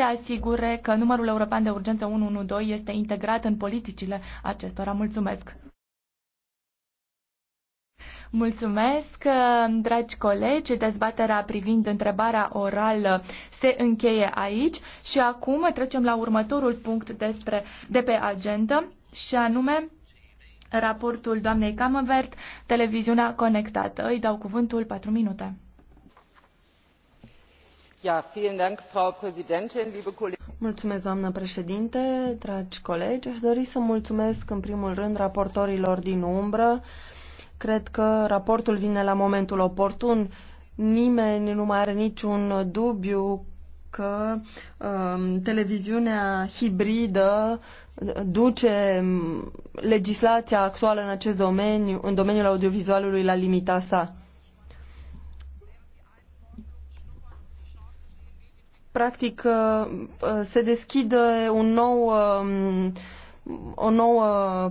se asigure că numărul european de urgență 112 este integrat în politicile acestora. Mulțumesc! Mulțumesc, dragi colegi. Dezbaterea privind întrebarea orală se încheie aici și acum trecem la următorul punct despre, de pe agenda și anume raportul doamnei Camăvert, televiziunea conectată. Îi dau cuvântul 4 minute. Mulțumesc, doamnă președinte, dragi colegi. Aș dori să mulțumesc în primul rând raportorilor din umbră. Cred că raportul vine la momentul oportun. Nimeni nu mai are niciun dubiu că um, televiziunea hibridă uh, duce um, legislația actuală în acest domeniu, în domeniul audiovizualului la limita sa practic uh, uh, se deschide un nou, um, o nouă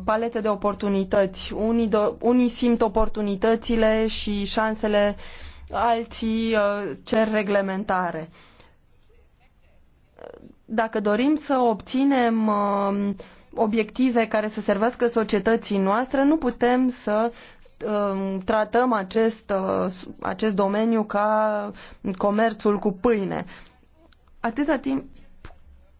paletă de oportunități. Unii, do, unii simt oportunitățile și șansele, alții uh, cer reglementare. Dacă dorim să obținem um, obiective care să servească societății noastre, nu putem să um, tratăm acest, acest domeniu ca comerțul cu pâine atâta timp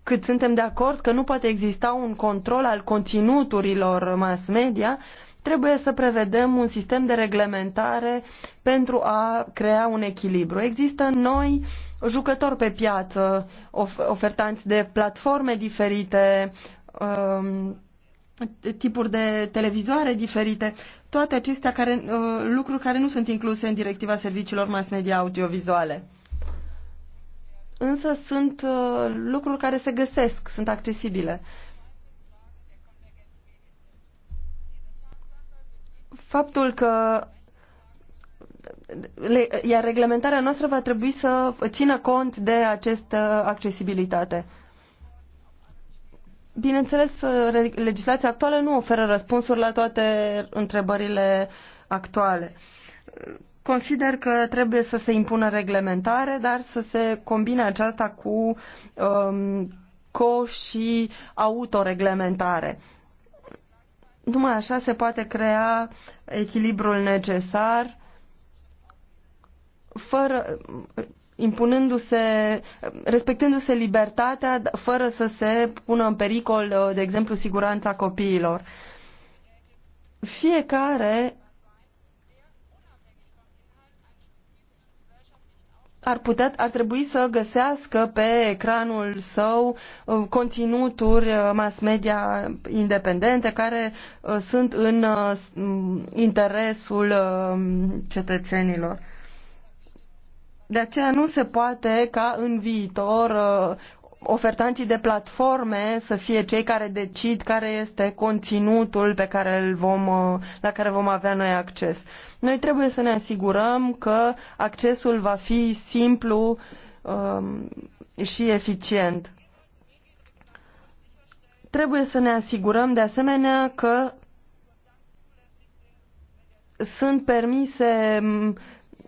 cât suntem de acord că nu poate exista un control al conținuturilor mass media, trebuie să prevedem un sistem de reglementare pentru a crea un echilibru. Există noi jucători pe piață, of- ofertanți de platforme diferite, um, tipuri de televizoare diferite, toate acestea care, uh, lucruri care nu sunt incluse în directiva serviciilor mass media audiovizuale însă sunt uh, lucruri care se găsesc, sunt accesibile. Faptul că iar reglementarea noastră va trebui să țină cont de această accesibilitate. Bineînțeles, uh, legislația actuală nu oferă răspunsuri la toate întrebările actuale Consider că trebuie să se impună reglementare, dar să se combine aceasta cu um, co și autoreglementare. Numai așa se poate crea echilibrul necesar fără impunându-se, respectându-se libertatea fără să se pună în pericol, uh, de exemplu, siguranța copiilor. Fiecare ar, putea, ar trebui să găsească pe ecranul său uh, conținuturi uh, mass media independente care uh, sunt în interesul cetățenilor. De aceea nu se poate ca în viitor ofertanții de platforme să fie cei care decid care este conținutul pe care îl vom, uh, la care vom avea noi acces. Noi trebuie să ne asigurăm că accesul va fi simplu um, și eficient. Trebuie să ne asigurăm de asemenea că sunt permise mm,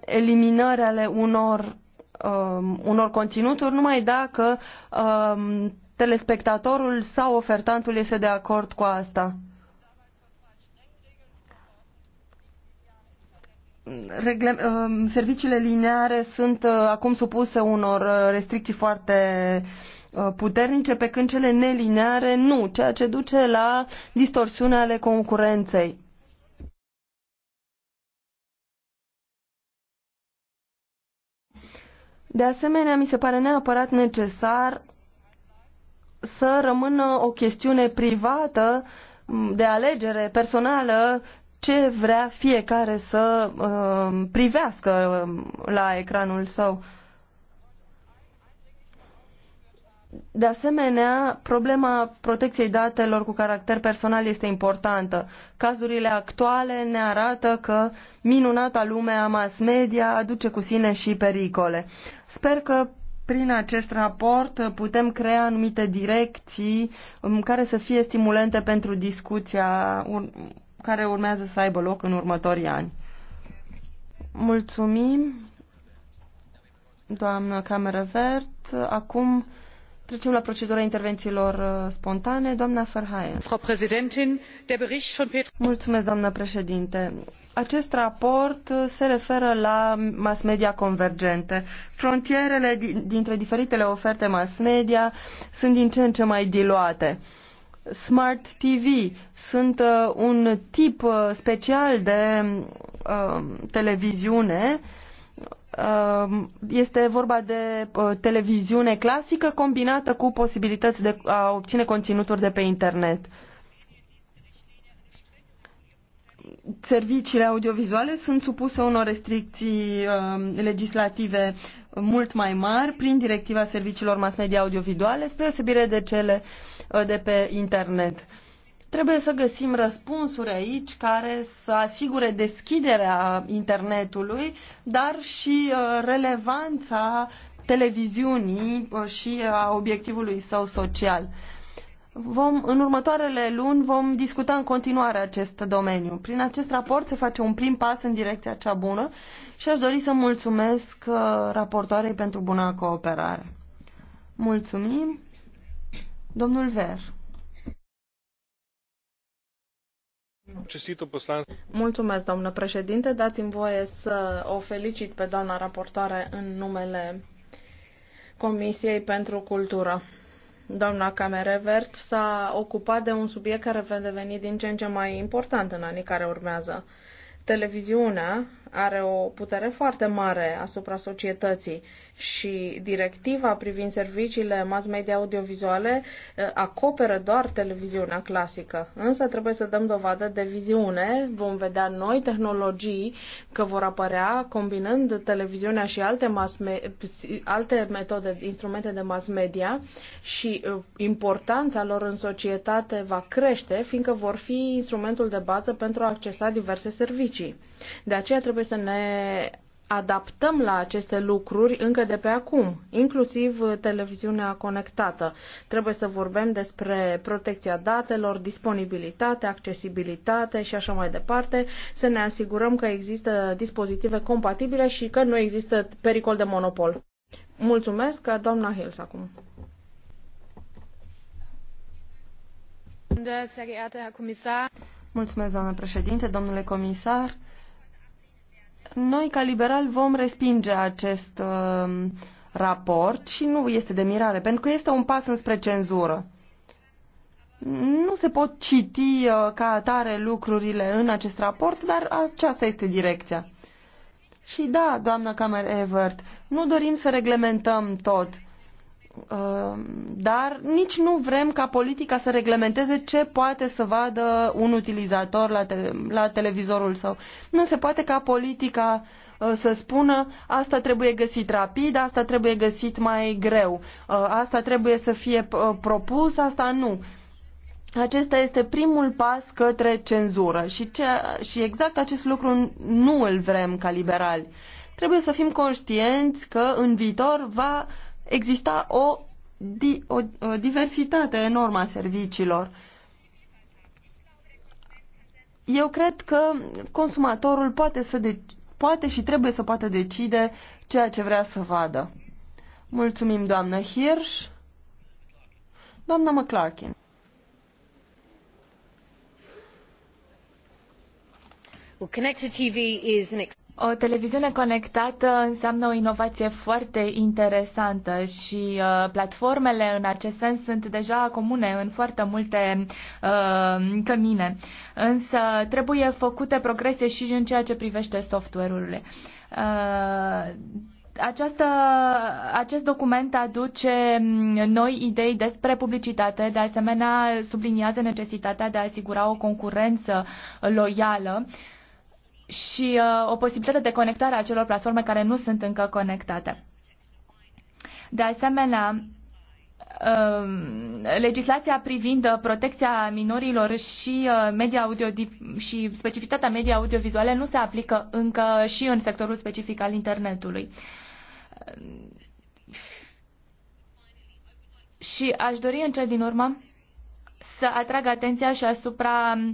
eliminări ale unor uh, unor conținuturi numai dacă uh, telespectatorul sau ofertantul este de acord cu asta. Regle, uh, um, serviciile lineare sunt uh, acum supuse unor uh, restricții foarte uh, puternice, pe când cele nelineare nu, ceea ce duce la distorsiunea ale concurenței. De asemenea, mi se pare neapărat necesar să rămână o chestiune privată de alegere personală ce vrea fiecare să uh, privească uh, la ecranul său. De asemenea, problema protecției datelor cu caracter personal este importantă. Cazurile actuale ne arată că minunata lume a mass media aduce cu sine și pericole. Sper că prin acest raport putem crea anumite direcții um, care să fie stimulente pentru discuția care urmează să aibă loc în următorii ani. Mulțumim, doamnă Cameră Vert. Acum Trecem la procedura intervențiilor uh, spontane. Doamna Ferhaien. Mulțumesc, doamnă președinte. Acest raport uh, se referă la mass media convergente. Frontierele dintre diferitele oferte mass media sunt din ce în ce mai diluate. Smart TV sunt uh, un tip special de uh, televiziune uh, Um, este vorba de uh, televiziune clasică combinată cu posibilități de a obține conținuturi de pe internet. Serviciile audiovizuale sunt supuse unor restricții um, legislative mult mai mari prin directiva serviciilor mass media audiovizuale, spre deosebire de cele uh, de pe internet. Uh, Trebuie să găsim răspunsuri aici care să asigure deschiderea internetului, dar și uh, relevanța televiziunii uh, și uh, a obiectivului său social. Vom, în următoarele luni vom discuta în continuare acest domeniu. Prin acest raport se face un prim pas în direcția cea bună și aș dori să mulțumesc raportoarei pentru buna cooperare. Mulțumim. Domnul Ver. Mulțumesc, doamnă președinte. Dați-mi voie să o felicit pe doamna raportoare în numele Comisiei pentru Cultură. Doamna Camerevert s-a ocupat de un subiect care va deveni din ce în ce mai important în anii care urmează. Televiziunea are o putere foarte mare asupra societății și directiva privind serviciile mass media audiovizuale eh, acoperă doar televiziunea clasică. Însă trebuie să dăm dovadă de viziune. Vom vedea noi tehnologii că vor apărea combinând televiziunea și alte, mass me- alte metode, instrumente de mass media și eh, importanța lor în societate va crește, fiindcă vor fi instrumentul de bază pentru a accesa diverse servicii. De aceea trebuie să ne adaptăm la aceste lucruri încă de pe acum, inclusiv uh, televiziunea conectată. Trebuie să vorbim despre protecția datelor, disponibilitate, accesibilitate și așa mai departe, să ne asigurăm că există dispozitive compatibile și că nu există pericol de monopol. Mulțumesc, uh, doamna Hills, acum. Mulțumesc, doamnă președinte, domnule comisar. Noi, ca liberali, vom respinge acest uh, raport și nu este de mirare, pentru că este un pas înspre cenzură. Nu se pot citi uh, ca atare lucrurile în acest raport, dar aceasta este direcția. Și da, doamna Cameron, Evert, nu dorim să reglementăm tot. Uh, Uh, dar nici nu vrem ca politica să reglementeze ce poate să vadă un utilizator la, te- la televizorul său. Nu se poate ca politica uh, să spună asta trebuie găsit rapid, asta trebuie găsit mai greu, uh, asta trebuie să fie propus, asta nu. Acesta este primul pas către cenzură și, ce, și exact acest lucru nu îl vrem ca liberali. Trebuie să fim conștienți că în viitor va exista o, di, o, o diversitate enormă a serviciilor. Eu cred că consumatorul poate, să de, poate și trebuie să poată decide ceea ce vrea să vadă. Mulțumim, doamnă Hirsch. Doamna McClarkin. Well, Connected TV is an o televiziune conectată înseamnă o inovație foarte interesantă și uh, platformele în acest sens sunt deja comune în foarte multe uh, cămine. Însă trebuie făcute progrese și în ceea ce privește software-urile. Uh, această, acest document aduce mm, noi idei despre publicitate, de asemenea subliniază necesitatea de a asigura o concurență loială uh, și uh, o posibilitate de conectare a celor platforme care nu sunt încă conectate. De asemenea, um, legislația privind uh, protecția minorilor și, uh, media audio, și specificitatea media audiovizuale nu se aplică încă și în sectorul specific al internetului. Și aș dori în cel din urmă să atrag atenția și asupra uh,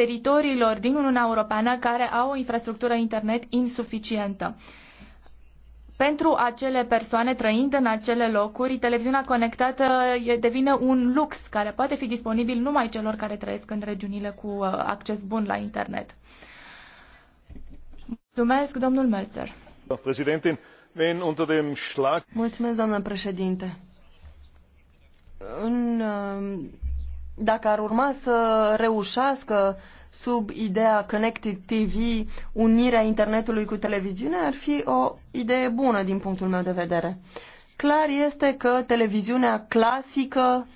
teritoriilor din Uniunea Europeană care au o infrastructură internet insuficientă. Pentru acele persoane trăind în acele locuri, televiziunea conectată devine un lux care poate fi disponibil numai celor care trăiesc în regiunile cu acces bun la internet. Mulțumesc, domnul Melzer. Mulțumesc, doamnă președinte. În dacă ar urma să reușească sub ideea Connected TV unirea internetului cu televiziunea, ar fi o idee bună din punctul meu de vedere. Clar este că televiziunea clasică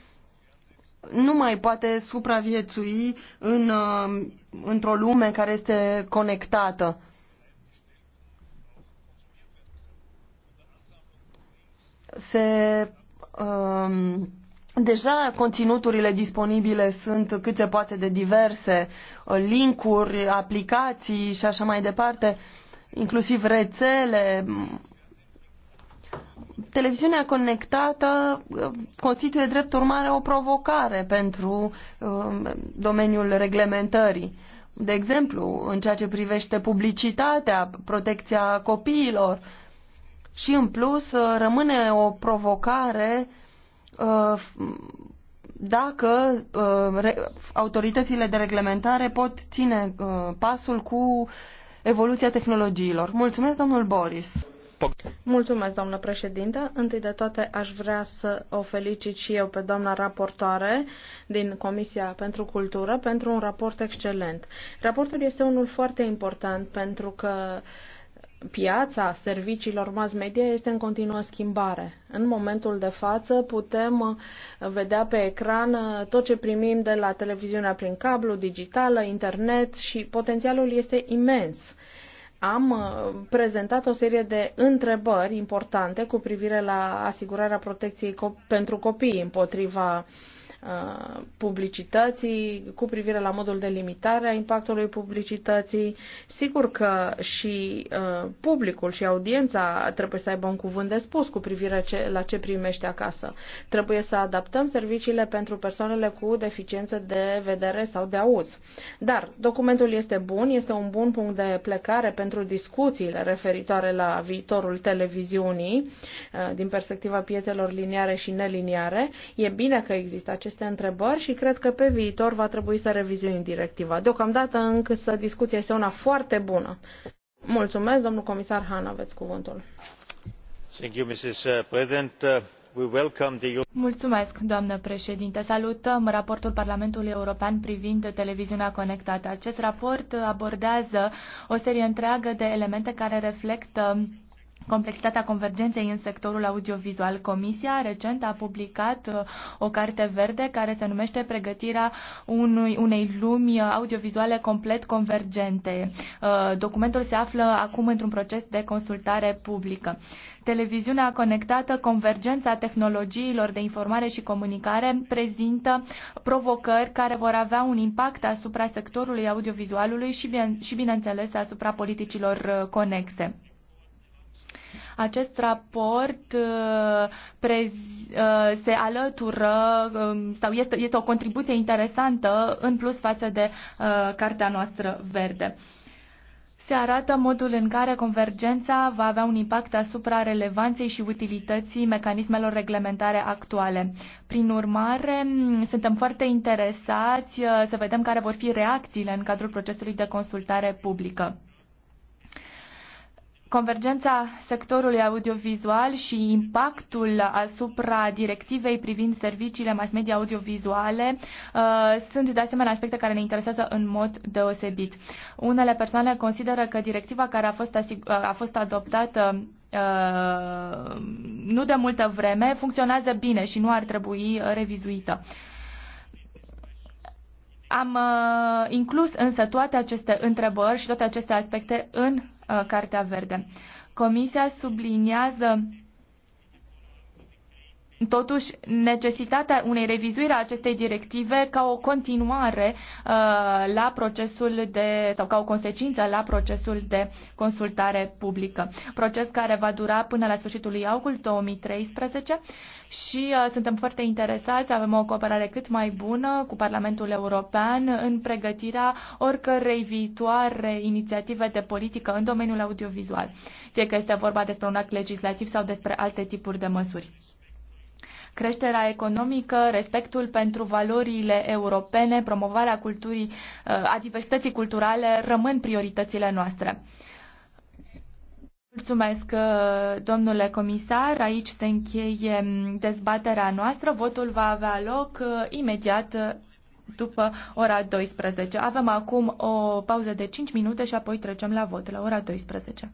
nu mai poate supraviețui în, uh, într-o lume care este conectată. Se um, Deja conținuturile disponibile sunt cât se poate de diverse, uh, linkuri, aplicații și așa mai departe, inclusiv rețele. Televiziunea conectată uh, constituie drept urmare o provocare pentru uh, domeniul reglementării. De exemplu, în ceea ce privește publicitatea, protecția copiilor și, în plus, rămâne o provocare uh, Uh, dacă uh, autoritățile de reglementare pot ține uh, pasul cu evoluția tehnologiilor. Mulțumesc, domnul Boris. Mulțumesc, doamnă președintă. Întâi de toate, aș vrea să o felicit și eu pe doamna raportoare din Comisia pentru Cultură pentru un raport excelent. Raportul este unul foarte important pentru că uh, piața serviciilor mass media este în continuă schimbare. În momentul de față putem uh, vedea pe ecran uh, tot ce primim de la televiziunea prin cablu, digitală, internet și potențialul este imens. Am uh, prezentat o serie de întrebări importante cu privire la asigurarea protecției pentru copii împotriva uh, Uh, publicității, cu privire la modul de limitare a impactului publicității. Sigur că și uh, publicul și audiența trebuie să aibă un cuvânt de spus cu privire la ce primește acasă. Trebuie să adaptăm serviciile pentru persoanele cu deficiență de vedere sau de auz. Dar documentul este bun, este un bun punct de plecare pentru discuțiile referitoare la viitorul televiziunii uh, din perspectiva piețelor liniare și neliniare. E bine că există acest aceste întrebări și cred că pe viitor va trebui să revizuim directiva. Deocamdată încă să discuția este una foarte bună. Mulțumesc, domnul comisar Han, aveți cuvântul. Thank you, Mrs. President. Mulțumesc, doamnă președinte. Salutăm raportul Parlamentului European privind televiziunea conectată. Acest raport abordează o serie întreagă de elemente care reflectă complexitatea convergenței în sectorul audiovizual. Comisia recent a publicat uh, o carte verde care se numește Pregătirea unui, unei lumi audiovizuale complet convergente. Uh, documentul se află acum într-un proces de consultare publică. Televiziunea conectată, convergența tehnologiilor de informare și comunicare prezintă provocări care vor avea un impact asupra sectorului audiovizualului și, bine, și bineînțeles, asupra politicilor uh, conexe. Acest raport uh, uh, se alătură um, sau este, este o contribuție interesantă în plus față de uh, cartea noastră verde se arată modul în care convergența va avea un impact asupra relevanței și utilității mecanismelor reglementare actuale. Prin urmare, mm, suntem foarte interesați să vedem care vor fi reacțiile în cadrul procesului de consultare publică. Convergența sectorului audiovizual și impactul asupra directivei privind serviciile mass media audiovizuale uh, sunt de asemenea aspecte care ne interesează în mod deosebit. Unele persoane consideră că directiva care a fost, uh, a fost adoptată uh, nu de multă vreme funcționează bine și nu ar trebui revizuită. Uh, am uh, inclus însă toate aceste întrebări și toate aceste aspecte în uh, Cartea Verde. Comisia subliniază Totuși, necesitatea unei revizuiri a acestei directive ca o continuare uh, la procesul de, sau ca o consecință la procesul de consultare publică. Proces care va dura până la sfârșitul lui august 2013 și uh, suntem foarte interesați, avem o cooperare cât mai bună cu Parlamentul European în pregătirea oricărei viitoare inițiative de politică în domeniul audiovizual, fie că este vorba despre un act legislativ sau despre alte tipuri de măsuri creșterea economică, respectul pentru valorile europene, promovarea culturii, uh, a diversității culturale rămân prioritățile noastre. Mulțumesc, uh, domnule comisar. Aici se încheie um, dezbaterea noastră. Votul va avea loc uh, imediat după ora 12. Avem acum o pauză de 5 minute și apoi trecem la vot la ora 12.